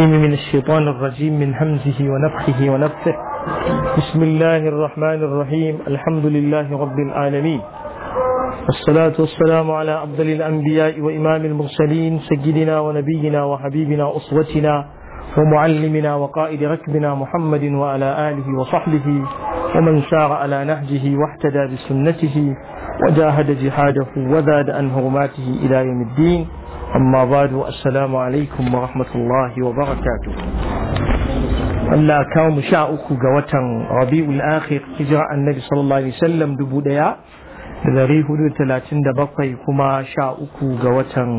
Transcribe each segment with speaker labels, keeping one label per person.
Speaker 1: من الشيطان الرجيم من همزه ونفخه ونفثه بسم الله الرحمن الرحيم الحمد لله رب العالمين والصلاة والسلام على أفضل الأنبياء وإمام المرسلين سيدنا ونبينا وحبيبنا أسوتنا ومعلمنا وقائد ركبنا محمد وعلى آله وصحبه ومن سار على نهجه واحتدى بسنته وجاهد جهاده وزاد أن هرماته إلى يوم الدين أما بعد السلام عليكم ورحمة الله وبركاته Allah kawo mu sha uku ga watan Rabi'ul Akhir hijira Annabi sallallahu alaihi wasallam dubu daya da dari hudu talatin da bakwai kuma sha uku ga watan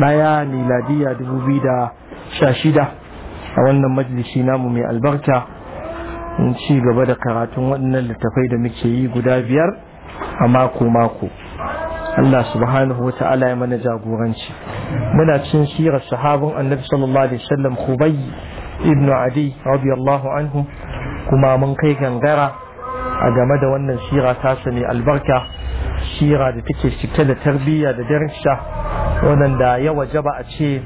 Speaker 1: daya miladiya dubu biyu da sha shida a wannan majalisi namu mai albarka in ci gaba da karatun waɗannan littafai da muke yi guda biyar a mako mako Allah subhanahu wa ta'ala ya mana jagoranci muna cin sirar sahabin annabi sallallahu alaihi wasallam Khubay ibn Adi radiyallahu anhu kuma mun kai gangara a game da wannan sira ta mai albarka shira da take cike da tarbiyya da darsha da ya wajaba a ce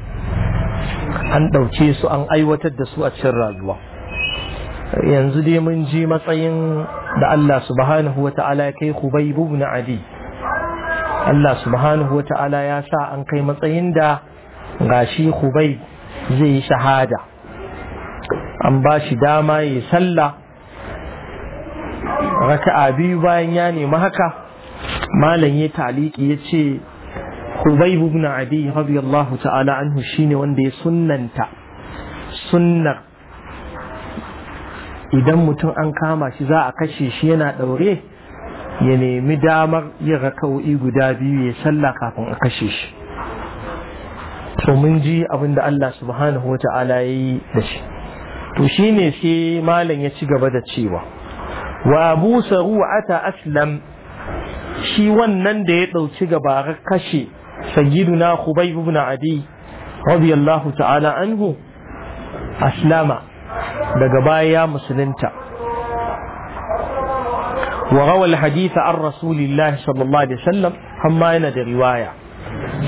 Speaker 1: an ɗauke su an aiwatar da su a cikin rayuwa yanzu dai mun ji matsayin da Allah subhanahu wa ta'ala ya kai Khubay ibn Adi Allah subhanahu wata'ala ya sa an kai matsayin da gashi Hubai zai yi shahada an ba shi dama ya salla. raka'a biyu bayan ya nemi haka malam ya taliki ya ce Hubai ibn Adi radiyallahu ta'ala anhu shine wanda ya sunnanta sunnar idan mutum an kama shi za a kashe shi yana daure ya nemi damar yin raka'o'i guda biyu ya sallah kafin a kashe shi to mun ji abin da Allah subhanahu wa ta'ala ya yi da shi to shi ne sai malam ya ci gaba da cewa wa abu ata aslam shi wannan da ya ɗauki gabarar kashe sayyiduna na ibn adi radiyallahu ta'ala anhu aslama daga baya musulunta وروى الحديث عن رسول الله صلى الله عليه وسلم هم ماينا دي رواية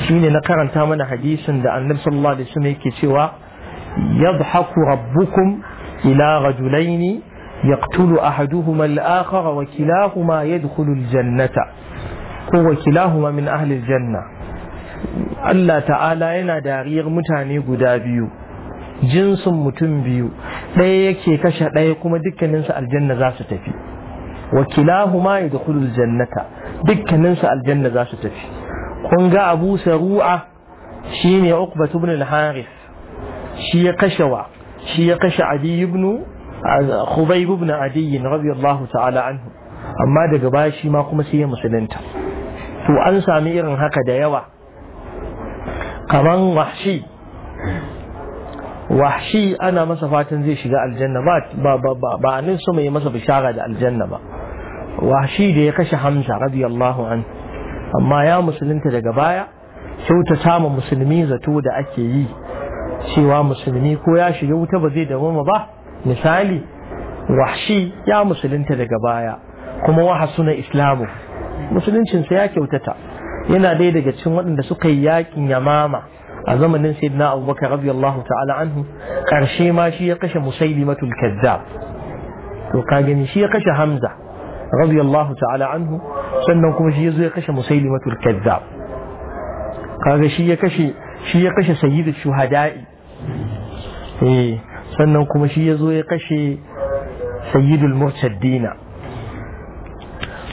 Speaker 1: شيني نقر أن تامنا حديثا دا أن صلى الله عليه وسلم سوى يضحك ربكم إلى رجلين يقتل أحدهما الآخر وكلاهما يدخل الجنة هو كلاهما من أهل الجنة Allah تعالى yana داريغ متاني guda جنس jinsin لا biyu, ɗaya yake kashe ɗaya kuma dukkaninsu aljanna za wa kilahuma yadkhulul jannata dukkaninsa aljanna za su tafi kun ga Abu shine Uqba ibn al-Harith shi ya kashe wa shi ya kashe Adi ibn Khubayb ibn ta'ala anhu amma daga baya shi ma kuma sai ya musulunta to an sami irin haka da yawa kaman wahshi wahshi ana masa fatan zai shiga aljanna ba ba ba ba anin masa bishara da aljanna ba Wahshi da ya kashe hamza radiyallahu an amma ya musulunta daga baya ta samun musulmi zato da ake yi cewa musulmi ko ya shiga wuta ba zai dawoma ba misali wahshi ya musulunta daga baya kuma suna islamu musuluncinsa ya kyautata yana ɗaya daga cikin waɗanda suka yi yakin yamama a zamanin sayyidina abubakar radiyallahu ta'ala anhu karshe ma shi ya kashe musailimatul kazzab to ka gani shi ya kashe hamza رضي الله تعالى عنه سنن كما شي يزوي كشي مسيلمة الكذاب قال شي كشي شي كشي سيد الشهداء إيه سنن كما شي يزوي كشي سيد المرتدين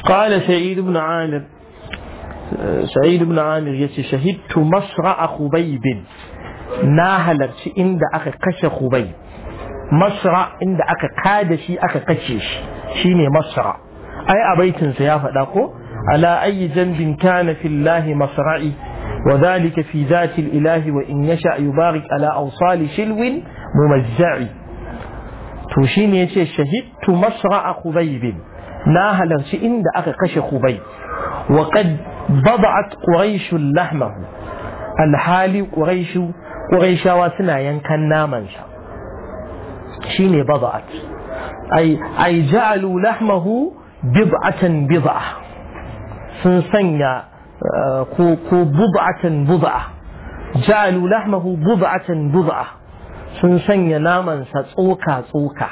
Speaker 1: قال سعيد بن عامر سعيد بن عامر يسي شهدت مصرع خبيب ناهلت عند أخي قش خبيب مصرع عند أخي قادشي أخي قشيش شيني مصرع ai a baitin sa ya faɗa ko ala ayi zambin kana fillahi masra'i wa zalika fi zati ilahi wa in yasha yubarik ala awsali shilwin mumazza'i to shine yace shahid tu masra'a khubayb na halarci inda aka kashe khubay wa qad bada'at quraish lahmahu al-hali quraish quraishawa suna yankan naman sa shine bada'at ay ay ja'alu lahmahu bid'atan bid'a sun sanya eh, ko ko bid'atan bid'a ja'alu lahmahu bid'atan bid'a sun sanya naman sa tsoka tsoka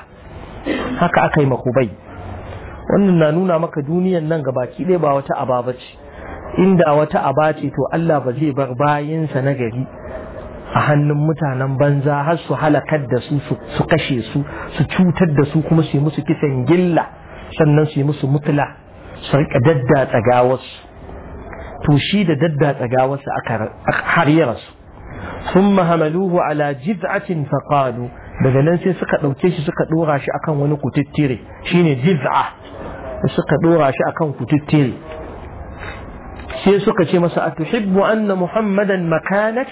Speaker 1: haka aka yi makubai wannan na nuna maka duniyan nan ga baki ɗaya ba wata aba ce inda wata aba ce to Allah ba zai bar sa na gari a hannun mutanen banza har su halakar da su su kashe su su cutar da su kuma su yi musu kisan gilla sannan su yi musu mutula su rika daddatsa gawarsu to shi da daddatsa gawarsu aka har ya rasu sun mahamaluhu ala jiz'atin faqalu daga nan sai suka ɗauke shi suka ɗora shi akan wani kututtire shine jiz'a suka ɗora shi akan kututtire sai suka ce masa atuhibbu anna muhammadan makanak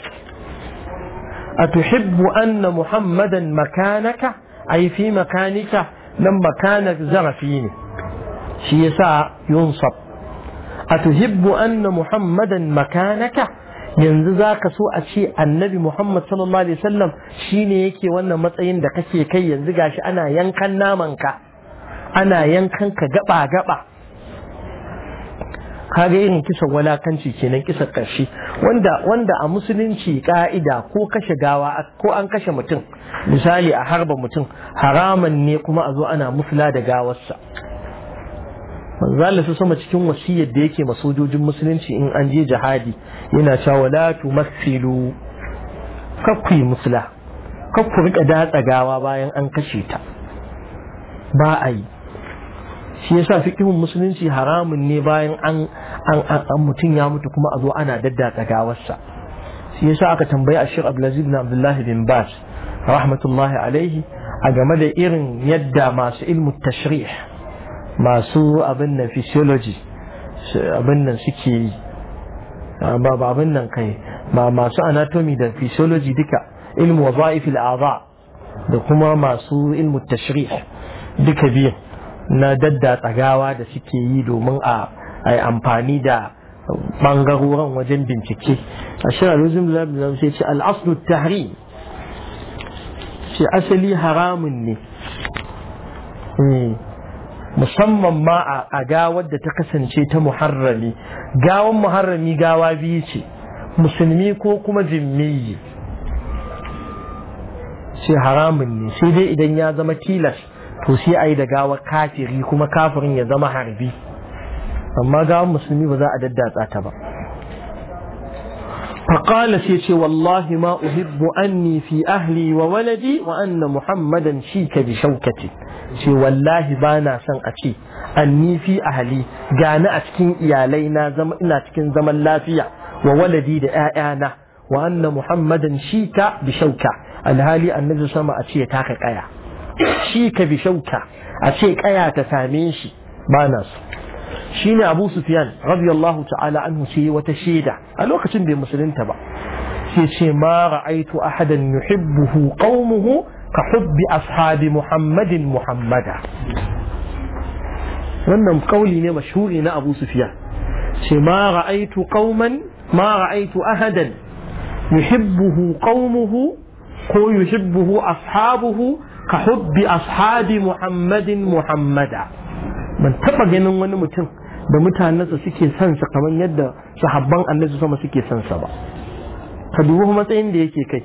Speaker 1: atuhibbu anna muhammadan makanaka ai fi makanika nan makanar zarafi ne shi yasa yunsab atuhibbu anna muhammadan makanaka yanzu zaka so a ce annabi muhammad sallallahu alaihi wasallam shine yake wannan matsayin da kake kai yanzu gashi ana yankan naman ka ana yankan ka gaba gaba kaga irin kisan walakanci kenan kisan karshe wanda a musulunci ka'ida ko kashe gawa ko an kashe mutum misali a harba mutum haraman ne kuma a zo ana musula da gawarsa manzo sama cikin wasiyar da yake masojojin musulunci in an je jihadi yana cewa wala Masilu. kakku musula kakku rika datsa gawa bayan an kashe ta ba a yi shi yasa fiqhun musulunci haramun ne bayan an an mutum ya mutu kuma a zo ana daddatsa gawarsa shi yasa aka tambayi a Sheikh Abdulaziz bin Abdullah bin Bas rahmatullahi alaihi a game da irin yadda masu ilmu tashrih masu abin nan physiology abin nan suke yi ba abin nan kai ba masu anatomy da physiology duka ilmu wa a'za da kuma masu ilmu tashrih duka biyu na daddatsa gawa da suke yi domin a yi amfani da ɓangarorin wajen bincike a shi aluzin lalazin sai ce al'aslu tahrim ce asali haramun ne hmm. musamman ma a gawar da ta kasance ta muharrami gawan muharrami gawa biyu ce musulmi ko kuma jimmiyi ce haramun ne sai dai idan ya zama tilas to shi ai da gawar kafiri kuma kafirin ya zama harbi amma ga musulmi ba za a daddatsa ta ba فقال سيتي والله ما أحب أني في أهلي وولدي وأن محمدا شيك بشوكتي شي والله بانا سن أتي أني في أهلي جانا أتكين إيالينا زم إن أتكين زمن لافية وولدي دآنا وأن محمدا شيك بشوكة الهالي أن صلى الله عليه وسلم أتي تاخي shi ka bi shauka a ce kaya ta same shi ba na su shi ne abu sufiyan radiyallahu ta'ala an sai wata shaida a lokacin bai musulunta ba sai ce ma ra'aitu ahadan yuhibbuhu qaumuhu ka hubbi ashabi muhammadin muhammada wannan kauli ne mashhuri na abu sufiyan ce ma ra'aitu qauman ma ra'aitu ahadan yuhibbuhu qaumuhu ko yuhibbuhu ashabuhu ka hubbi ashabi muhammadin muhammada ban taba ganin wani mutum da mutanensa suke son sa kamar yadda sahabban annabi sama suke son sa ba ka dubi matsayin da yake kai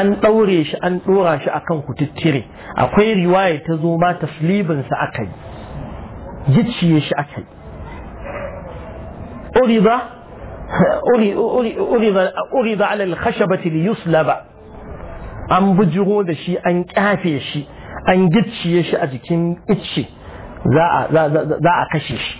Speaker 1: an ɗaure shi an ɗora shi akan kututtire akwai riwaya ta zo ma taslibinsa aka yi gicciye shi aka yi أرض أرض على الخشبة ليصلب an bujiro da shi an kyafe shi an gicciye shi a jikin icce za a kashe shi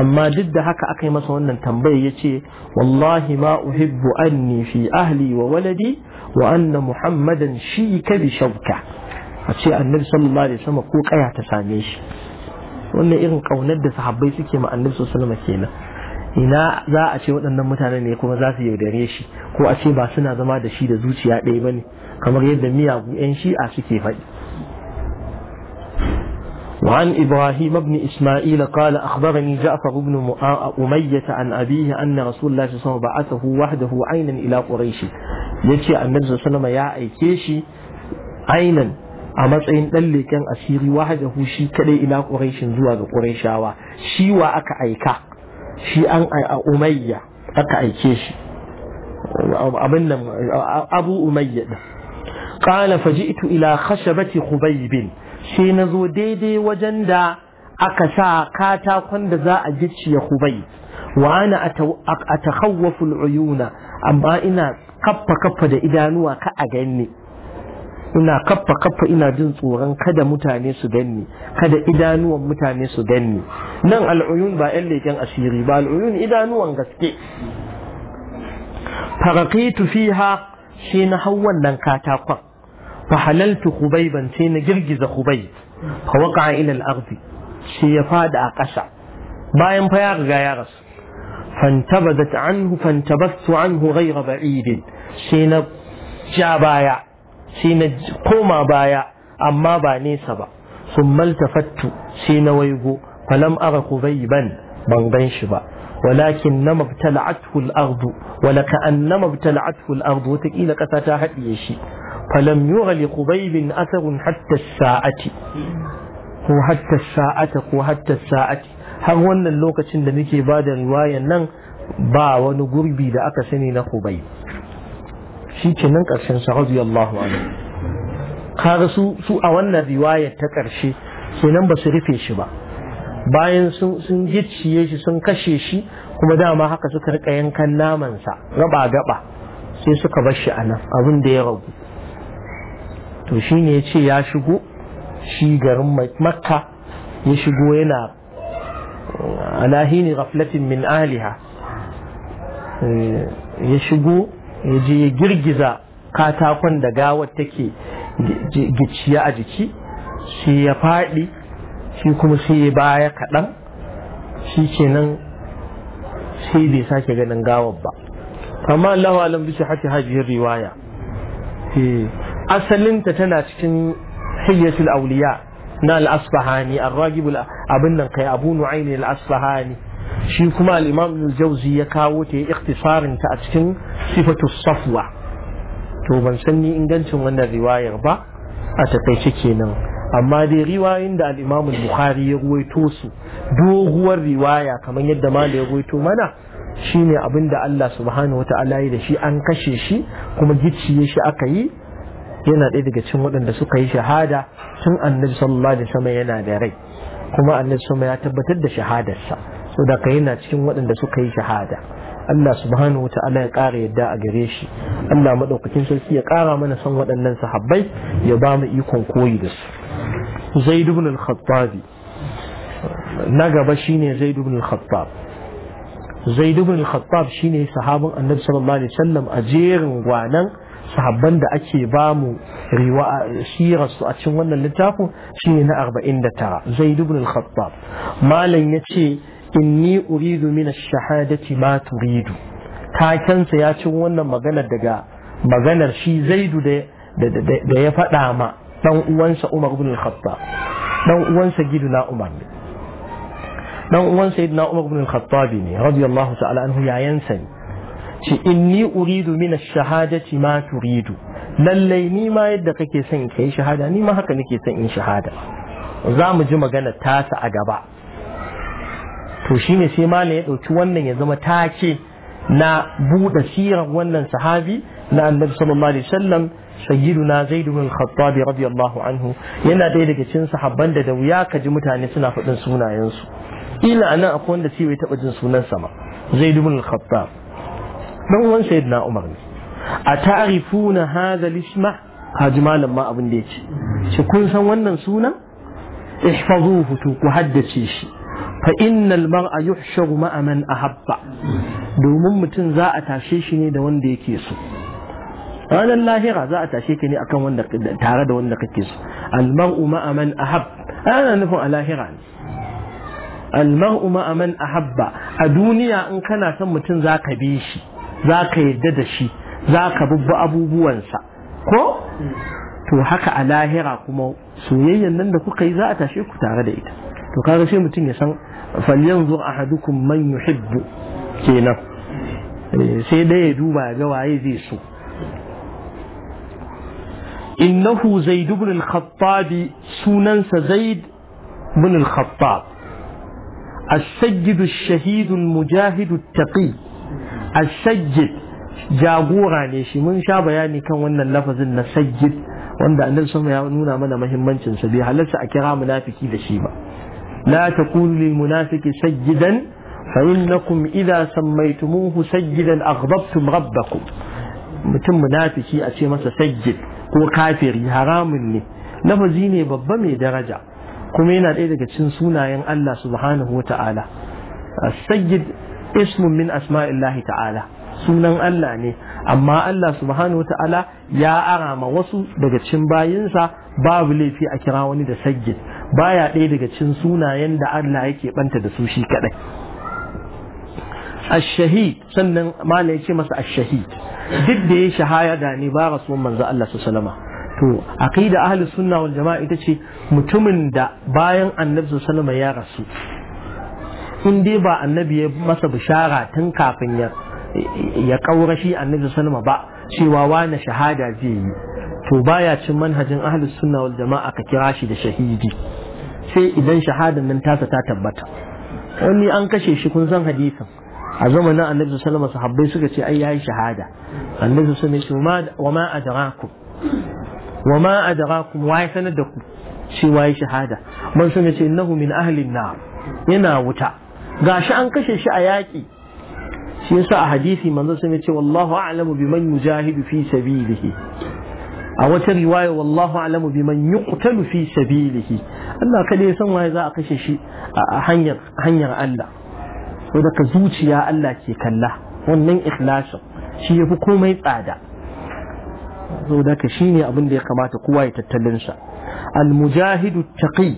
Speaker 1: amma duk da haka aka yi masa wannan tambayi ya ce wallahi ma uhibbu anni fi ahli wa waladi wa anna muhammadan shi ka bi shauka a ce annabi sallallahu alaihi wasallam ko kaya ta same shi wannan irin kaunar da sahabbai suke ma annabi sallallahu alaihi wasallam kenan ina za a ce waɗannan mutane ne kuma za su yaudare shi ko a ce ba suna zama da shi da zuciya ɗaya ba ne kamar yadda miyagu 'yan shi'a suke faɗi وعن إبراهيم بن إسماعيل قال أخبرني umayyata بن أمية عن أبيه أن رسول الله صلى الله عليه وسلم بعثه وحده عينا إلى قريش يتي النبي صلى الله عليه وسلم يا أيكيشي عينا a matsayin ɗan leken asiri wahadahu shi kadai ila ƙureshin zuwa ga ƙureshawa shi wa aka aika shi an a umayya aka aike shi abin nan abu umayya din qala faji'tu ila khashabati khubayb shi nazo daidai wajen da aka sa katakon da za a gicci ya khubayb wa ana atakhawwafu al'uyuna amma ina kaffa kaffa da idanuwa ka a ganni ina kaffa kaffa ina jin tsoron kada mutane su ganni kada idanuwan mutane su ganni nan al'uyun ba yan leken asiri ba al'uyun idanuwan gaske farakitu fiha shi na hau wannan katakon fa halaltu khubaiban sai na girgiza hubai, fa waqa'a ila al shi ya fada a ƙasa bayan fa ya riga ya rasu fantabadat anhu fantabastu anhu ghayra ba'id shi na ja baya sai na koma baya amma ba nesa ba sun maltafattu sai na waigo falam ara kubayban ban ban shi ba walakin na mabtala'athu al-ardu wala ka'annama mabtala'athu al-ardu wataƙila kasa ta haɗiye shi falam yura li kubaybin atharun hatta sa'ati ko hatta sa'ata ko hatta sa'ati har wannan lokacin da muke ba da riwayan nan ba wani gurbi da aka sani na kubayb shi ke nan ƙarshen sa Allah anhu kaga su su a wannan riwaya ta ƙarshe kenan ba su rufe shi ba bayan sun gicciye shi sun kashe shi kuma dama haka suka rika yankan namansa gaba gaba sai suka bar shi a nan abin da ya ragu to shi ne ya ce ya shigo shi garin makka ya shigo yana alahini raflatin min aliha eh, ya shigo Yaje je girgiza katakon da gawar take gicciya a jiki sai ya faɗi shi kuma sai ya baya kaɗan shi kenan sai bai sake ganin gawar ba amma Allah alam bisa haka hajiyar riwaya eh, asalinta tana cikin hiyyatul auliya na al-asfahani ar-ragib abin nan kai abu nu'ayni al-asfahani shi kuma al-imam al-jawzi ya kawo ta ya ta a cikin sifatu safwa to ban san ni ingancin wannan riwayar ba a takaice kenan amma dai riwayoyin da al-Imam bukhari ya ruwaito su doguwar riwaya kamar yadda malam ya ruwaito mana shine abin da Allah subhanahu wa ta'ala da shi an kashe shi kuma gicciye shi aka yi yana ɗaya daga cikin waɗanda suka yi shahada tun annabi sallallahu alaihi wasallam yana da rai kuma annabi sama ya tabbatar da shahadarsa saboda kai yana cikin waɗanda suka yi shahada Allah subhanahu wata'ala ya ƙara yadda a gare shi Allah maɗaukakin sarki ya ƙara mana san waɗannan sahabbai ya ba mu ikon koyi da su zaid ibn al na gaba shine zaid ibn al-khattab zaid ibn al-khattab shine sahabin annabi sallallahu alaihi wasallam a jerin gwanan sahabban da ake ba mu riwa su a cikin wannan littafin shine na 49 zaid ibn al-khattab malam yace inni uridu min ash-shahadati ma turidu kakansa ya ci wannan maganar daga maganar shi zaidu da ya faɗa ma dan uwansa Umar ibn al-Khattab dan uwansa giduna Umar ne dan uwan sayyidina Umar ibn al-Khattab ne radiyallahu ta'ala anhu yayansa ne Shi inni uridu min ash-shahadati ma turidu lallai ni ma yadda kake son kai shahada ni ma haka nake son in shahada za mu ji magana tasa a gaba to shine sai malam ya ɗauki wannan ya zama take na buɗe sirar wannan sahabi na annabi sallallahu alaihi wasallam sayyiduna zaid bin khattab radiyallahu anhu yana ɗaya daga cikin sahabban da da wuya ka ji mutane suna faɗin sunayensu ila anan akwai wanda sai bai taɓa jin sunansa sama. zaid bin khattab dan uwan sayyidina umar ne a ta'rifuna hadha al-isma haji malam ma abin da yake shi kun san wannan sunan ihfazuhu to ku haddace shi fa innal mar'a yuhsharu ma'a man ahabba domin mutum za a tashe shi ne da wanda yake so ranar lahira za a tashe ka ne akan wanda tare da wanda kake so al mar'u ma'a man ahab ana nufin a lahira ne al mar'u ma'a man ahabba a duniya in kana son mutum za ka bi shi za ka yadda da shi za ka bubba abubuwansa ko to haka a lahira kuma soyayyan nan da kuka yi za a tashe ku tare da ita to kaga sai mutum ya san falyanzur ahadukum man yuhibbu kenan sai dai ya duba ga waye zai so innahu zaid ibn al-khattab sunansa zaid ibn al-khattab السجد الشهيد المجاهد التقي السجد jagora ne shi mun sha bayani kan wannan lafazin na sajjid wanda annabi sama ya nuna mana muhimmancin sa bai halarta a kira munafiki da shi ba la munafiki sajjidan fa innakum idza sammaytumuhu sajjidan mutum munafiki a ce masa sajjid ko kafiri haramun ne lafazi ne babba mai daraja kuma yana ɗaya daga cikin sunayen Allah subhanahu wa ta'ala sajjid ismun min asma'illahi ta'ala sunan Allah ne amma Allah subhanahu wa ta'ala ya arama wasu daga cikin bayinsa babu laifi a kira wani da sajjid baya ɗaya daga cin sunayen da Allah yake banta da su shi kaɗai ash-shahid sannan ya yace masa ash-shahid duk da ya shahaya da ne ba rasulun manzo Allah su salama. to a da ahli sunna wal jama'a ita ce mutumin da bayan annabi salama ya rasu in dai ba annabi ya masa bishara tun kafin ya ya kaura shi annabi salama ba cewa wani shahada zai yi to baya cin manhajin ahlus sunna wal jama'a ka kira shi da shahidi sai idan shahadan nan tasa ta tabbata wani an kashe shi kun san hadisin a zamanin annabi sallama sahabbai suka ce ai yayi shahada annabi sallama ce wa ma adrakum wa ma adrakum wa sanar da ku cewa yayi shahada man sallama ce innahu min ahli nar yana wuta gashi an kashe shi a yaki shi yasa a hadisi manzo sallama ce wallahu a'lamu biman yujahidu fi sabilihi a wata riwaya wallahu a'lamu biman yuqtalu fi sabilihi Allah kada ya san waye za a kashe shi a hanyar hanyar Allah so daga zuciya Allah ke kalla wannan ikhlasin shi yafi komai tsada so daga shine abin da ya kamata kowa ya tattalin sa al mujahidu taqi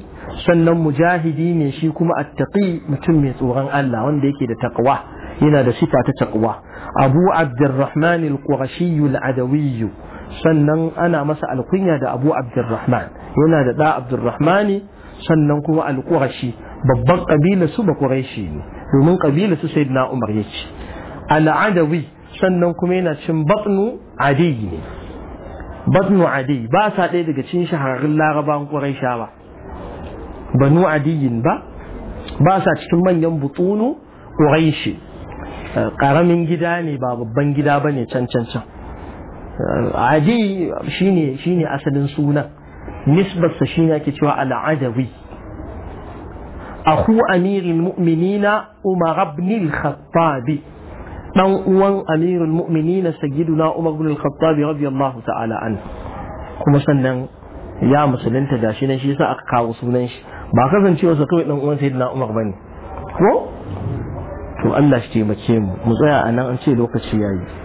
Speaker 1: sannan mujahidi ne shi kuma taqi mutum mai tsoron Allah wanda yake da taqwa yana da sifa ta taqwa Abu Abdurrahman al-Qurashi al-Adawi sannan ana masa alkunya da Abu Abdurrahman yana da da Abdurrahmani sannan kuma al-qurashi babban kabila su ba quraishi ne domin kabila su na umar yace al-adawi sannan kuma yana cin batnu adi ne batnu adi ba sa ɗaya daga cin shahararrun larabawan quraisha ba banu adiyin ba ba sa cikin manyan butunu quraishi karamin eh, gida ne ba babban gida bane can can can eh, adi shine shine asalin sunan nisbarsa shi ne ake cewa al'adawi أخو أمير المؤمنين عمر بن الخطاب Dan uwan amirin المؤمنين سيدنا عمر بن الخطاب رضي الله تعالى kuma sannan ya musulunta da shi ne shi yasa aka kawo sunan shi ba kasancewa sa kawai dan uwan sayyidina Umar bane ko to Allah shi taimake mu mu tsaya anan an ce lokaci yayi